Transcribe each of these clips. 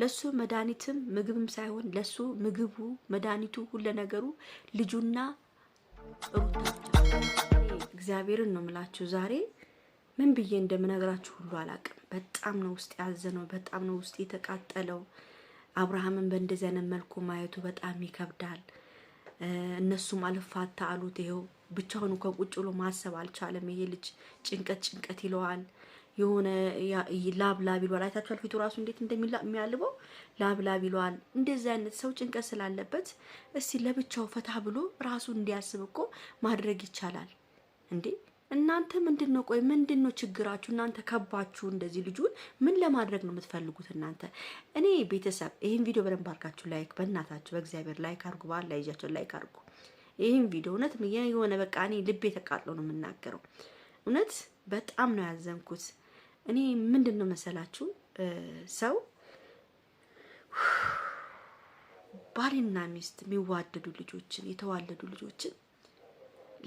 ለሱ መድኃኒትም ምግብም ሳይሆን ለሱ ምግቡ፣ መድኃኒቱ፣ ሁለ ነገሩ ልጁና ሩታ። እግዚአብሔርን ነው የምላችሁ። ዛሬ ምን ብዬ እንደምነግራችሁ ሁሉ አላቅም። በጣም ነው ውስጥ ያዘነው፣ በጣም ነው ውስጥ የተቃጠለው። አብርሃምን በእንደዚህ አይነት መልኩ ማየቱ በጣም ይከብዳል። እነሱም አልፋታ አሉት። ይኸው ብቻውን እኮ ብሎ ማሰብ አልቻለም። ይሄ ልጅ ጭንቀት ጭንቀት ይለዋል። የሆነ ላብላብ ይሏል። አይታችኋል ፊቱ ራሱ እንዴት እንደሚያልበው ላብ ላብ ይሏል። እንደዚህ አይነት ሰው ጭንቀት ስላለበት እስቲ ለብቻው ፈታ ብሎ ራሱ እንዲያስብ እኮ ማድረግ ይቻላል እንዴ። እናንተ ምንድን ነው ቆይ ምንድን ነው ችግራችሁ? እናንተ ከባችሁ እንደዚህ ልጁን ምን ለማድረግ ነው የምትፈልጉት እናንተ? እኔ ቤተሰብ ይህን ቪዲዮ በደንብ አድርጋችሁ ላይክ፣ በእናታችሁ በእግዚአብሔር ላይክ አድርጉ። በዓል ላይ ይዣቸው ላይክ አድርጉ። ይህን ቪዲዮ እውነት የሆነ በቃ እኔ ልቤ ተቃጥሎ ነው የምናገረው። እውነት በጣም ነው ያዘንኩት። እኔ ምንድን ነው መሰላችሁ ሰው ባልና ሚስት የሚዋደዱ ልጆችን የተዋለዱ ልጆችን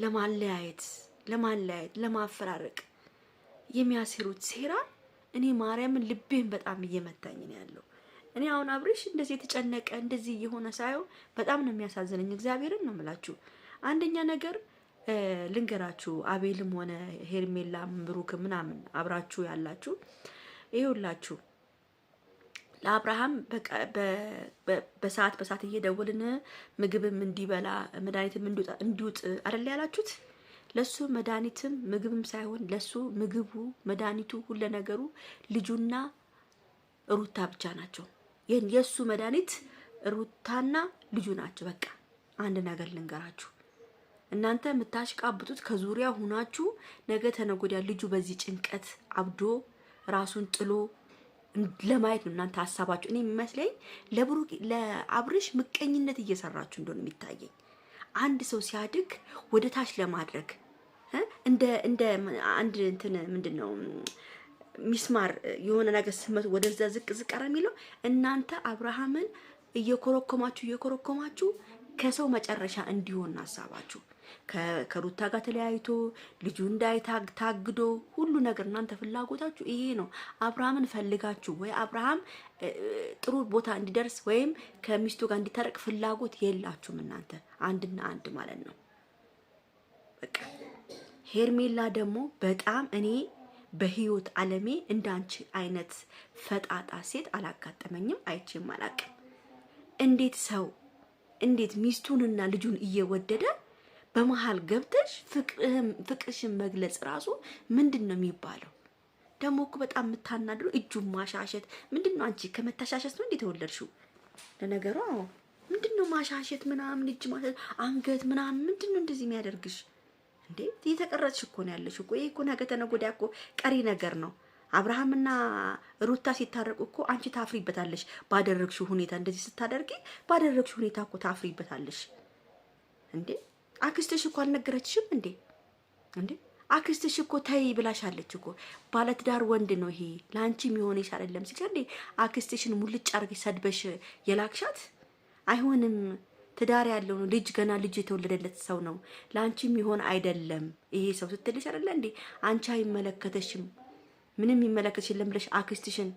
ለማለያየት ለማለያየት ለማፈራረቅ የሚያሴሩት ሴራ እኔ ማርያምን ልቤን በጣም እየመታኝ ነው ያለው። እኔ አሁን አብሬሽ እንደዚህ የተጨነቀ እንደዚህ እየሆነ ሳየው በጣም ነው የሚያሳዝነኝ። እግዚአብሔርን ነው የምላችሁ አንደኛ ነገር ልንገራችሁ፣ አቤልም ሆነ ሄርሜላም ብሩክ ምናምን አብራችሁ ያላችሁ ይኸውላችሁ ለአብርሃም በሰዓት በሰዓት እየደወልን ምግብም እንዲበላ መድኃኒትም እንዲውጥ አይደል ያላችሁት? ለሱ መድኃኒትም ምግብም ሳይሆን ለሱ ምግቡ፣ መድኃኒቱ፣ ሁለ ነገሩ ልጁና ሩታ ብቻ ናቸው። የሱ መድኃኒት ሩታና ልጁ ናቸው። በቃ አንድ ነገር ልንገራችሁ እናንተ የምታሽቃብጡት ከዙሪያ ሁናችሁ ነገ ተነጎዳ ልጁ በዚህ ጭንቀት አብዶ ራሱን ጥሎ ለማየት ነው እናንተ ሀሳባችሁ። እኔ የሚመስለኝ ለብሩክ ለአብርሽ ምቀኝነት እየሰራችሁ እንደሆነ የሚታየኝ አንድ ሰው ሲያድግ ወደ ታች ለማድረግ እንደ እንደ አንድ እንትን ምንድን ነው ሚስማር የሆነ ነገር ስመት ወደዛ ዝቅ ዝቅ አረ የሚለው እናንተ አብርሃምን እየኮረኮማችሁ እየኮረኮማችሁ ከሰው መጨረሻ እንዲሆን ሀሳባችሁ ከሩታ ጋር ተለያይቶ ልጁ እንዳይታግ ታግዶ ሁሉ ነገር እናንተ ፍላጎታችሁ ይሄ ነው። አብርሃምን ፈልጋችሁ ወይ አብርሃም ጥሩ ቦታ እንዲደርስ ወይም ከሚስቱ ጋር እንዲታረቅ ፍላጎት የላችሁም እናንተ አንድና አንድ ማለት ነው። በቃ ሄርሜላ ደግሞ በጣም እኔ በህይወት አለሜ እንዳንቺ አይነት ፈጣጣ ሴት አላጋጠመኝም፣ አይቼም አላቅም። እንዴት ሰው እንዴት ሚስቱንና ልጁን እየወደደ በመሀል ገብተሽ ፍቅርሽን መግለጽ ራሱ ምንድን ነው የሚባለው? ደግሞ እኮ በጣም የምታናድሩ እጁን ማሻሸት ምንድን ነው? አንቺ ከመታሻሸት ነው እንዴ ተወለድሽው ለነገሩ አዎ፣ ምንድን ነው ማሻሸት ምናምን፣ እጅ ማሸት፣ አንገት ምናምን ምንድን ነው እንደዚህ የሚያደርግሽ እንዴ? እየተቀረጽሽ እኮ ነው ያለሽ እኮ። ይህ እኮ ነገ ተነገ ወዲያ እኮ ቀሪ ነገር ነው። አብርሃምና ሩታ ሲታረቁ እኮ አንቺ ታፍሪበታለሽ። ባደረግሽው ሁኔታ እንደዚህ ስታደርጊ፣ ባደረግሽው ሁኔታ እኮ ታፍሪበታለሽ እንዴ አክስትሽ እኮ አልነገረችሽም እንዴ? እንዴ አክስትሽ እኮ ተይ ብላሻለች እኮ። ባለትዳር ወንድ ነው ይሄ ለአንቺ የሚሆንሽ አይደለም ሲል እንዴ አክስትሽን ሙልጭ አድርገሽ ሰድበሽ የላክሻት አይሆንም። ትዳር ያለው ነው ልጅ ገና ልጅ የተወለደለት ሰው ነው ለአንቺ የሚሆን አይደለም ይሄ ሰው ስትልሽ አይደለ እንዴ? አንቺ አይመለከተሽም ምንም የሚመለከትሽ የለም ብለሽ አክስትሽን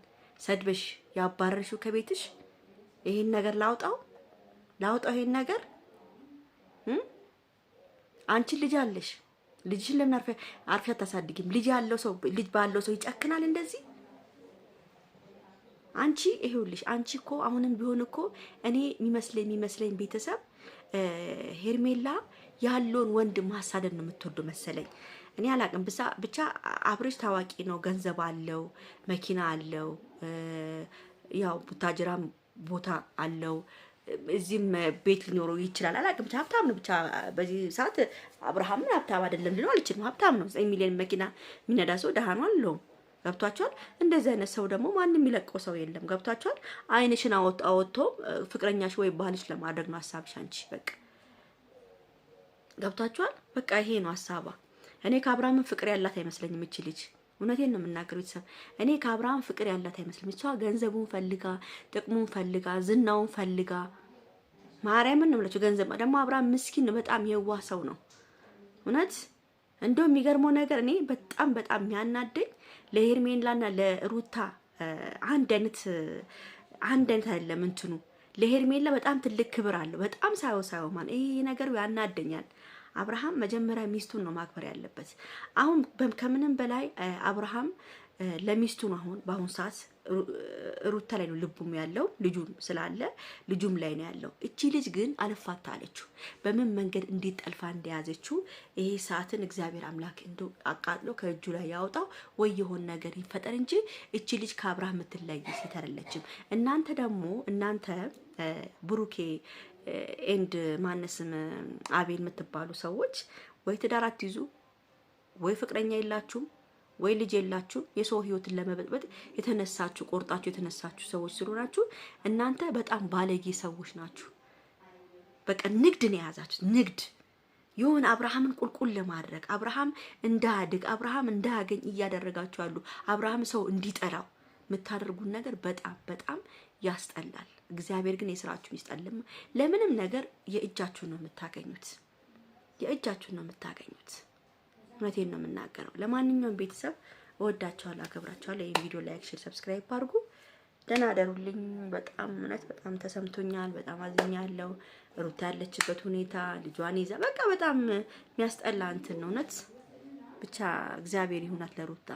ሰድበሽ ያባረርሽው ከቤትሽ። ይሄን ነገር ላውጣው ላውጣው ይሄን ነገር አንቺን ልጅ አለሽ፣ ልጅሽን ለምን አርፌ አታሳድጊም? ልጅ ያለው ሰው ልጅ ባለው ሰው ይጨክናል እንደዚህ? አንቺ ይሄውልሽ፣ አንቺ እኮ አሁንም ቢሆን እኮ እኔ የሚመስለኝ የሚመስለኝ ቤተሰብ ሄርሜላ ያለውን ወንድ ማሳደድ ነው የምትወዱ መሰለኝ። እኔ አላቅም ብቻ ብቻ አብሬጅ ታዋቂ ነው፣ ገንዘብ አለው፣ መኪና አለው፣ ያው ቡታጅራም ቦታ አለው እዚህም ቤት ሊኖረው ይችላል። አላቅም ብቻ ሀብታም ነው። ብቻ በዚህ ሰዓት አብርሃምን ሀብታም አይደለም ሊሆን አልችልም። ሀብታም ነው። ዘጠኝ ሚሊዮን መኪና የሚነዳ ሰው ደሃኗ አለውም። ገብቷቸዋል። እንደዚህ አይነት ሰው ደግሞ ማንም የሚለቀው ሰው የለም። ገብቷቸዋል። አይንሽን አወጥቶ ፍቅረኛሽ ወይ ባህልሽ ለማድረግ ነው ሀሳብሽ አንቺ በቃ ገብቷቸዋል። በቃ ይሄ ነው ሀሳቧ። እኔ ከአብርሃምን ፍቅር ያላት አይመስለኝም እች ልጅ። እውነቴን ነው የምናገር ቤተሰብ። እኔ ከአብርሃም ፍቅር ያላት አይመስልም። እሷ ገንዘቡን ፈልጋ ጥቅሙን ፈልጋ ዝናውን ፈልጋ ማርያምን ነው የምላችሁ። ገንዘብ ደግሞ አብርሃም ምስኪን ነው፣ በጣም የዋ ሰው ነው። እውነት እንደው የሚገርመው ነገር እኔ በጣም በጣም የሚያናደኝ ለሄርሜላና ለሩታ አንድ አይነት አንድ አይነት አይደለም እንትኑ ለሄርሜላ በጣም ትልቅ ክብር አለው። በጣም ሳይው ሳይው ማን ይሄ ነገር ያናደኛል። አብርሃም መጀመሪያ ሚስቱን ነው ማክበር ያለበት። አሁን ከምንም በላይ አብርሃም ለሚስቱ ነው አሁን በአሁኑ ሰዓት ሩታ ላይ ነው ልቡም ያለው ልጁም ስላለ ልጁም ላይ ነው ያለው። እቺ ልጅ ግን አልፋታ አለችው። በምን መንገድ እንዴት ጠልፋ እንደያዘችው ይሄ ሰዓትን እግዚአብሔር አምላክ እንዶ አቃጥሎ ከእጁ ላይ ያወጣው ወይ የሆን ነገር ይፈጠር እንጂ እቺ ልጅ ከአብርሃም የምትለይ ሴት አይደለችም። እናንተ ደግሞ እናንተ ብሩኬ ኤንድ ማነስም አቤል የምትባሉ ሰዎች ወይ ትዳር አትይዙ ወይ ፍቅረኛ የላችሁም ወይ ልጅ የላችሁ የሰው ህይወትን ለመበጥበጥ የተነሳችሁ ቆርጣችሁ የተነሳችሁ ሰዎች ስለሆናችሁ እናንተ በጣም ባለጌ ሰዎች ናችሁ። በቃ ነው የያዛችሁ ንግድ የሆነ አብርሃምን ቁልቁል ለማድረግ አብርሃም እንዳያድግ አብርሃም እንዳያገኝ እያደረጋችሁ ያሉ አብርሃም ሰው እንዲጠላው የምታደርጉን ነገር በጣም በጣም ያስጠላል። እግዚአብሔር ግን የስራችሁን ይስጠልም። ለምንም ነገር የእጃችሁን ነው የምታገኙት፣ የእጃችሁን ነው የምታገኙት። እውነቴን ነው የምናገረው። ለማንኛውም ቤተሰብ እወዳቸዋለሁ፣ አከብራቸዋለሁ። ይህ ቪዲዮ ላይክ፣ ሼር፣ ሰብስክራይብ አድርጉ። ደህና አደሩልኝ። በጣም እውነት በጣም ተሰምቶኛል። በጣም አዝኛለሁ። ሩታ ያለችበት ሁኔታ ልጇን ይዛ በቃ በጣም የሚያስጠላ እንትን ነው እውነት። ብቻ እግዚአብሔር ይሁናት ለሩታ።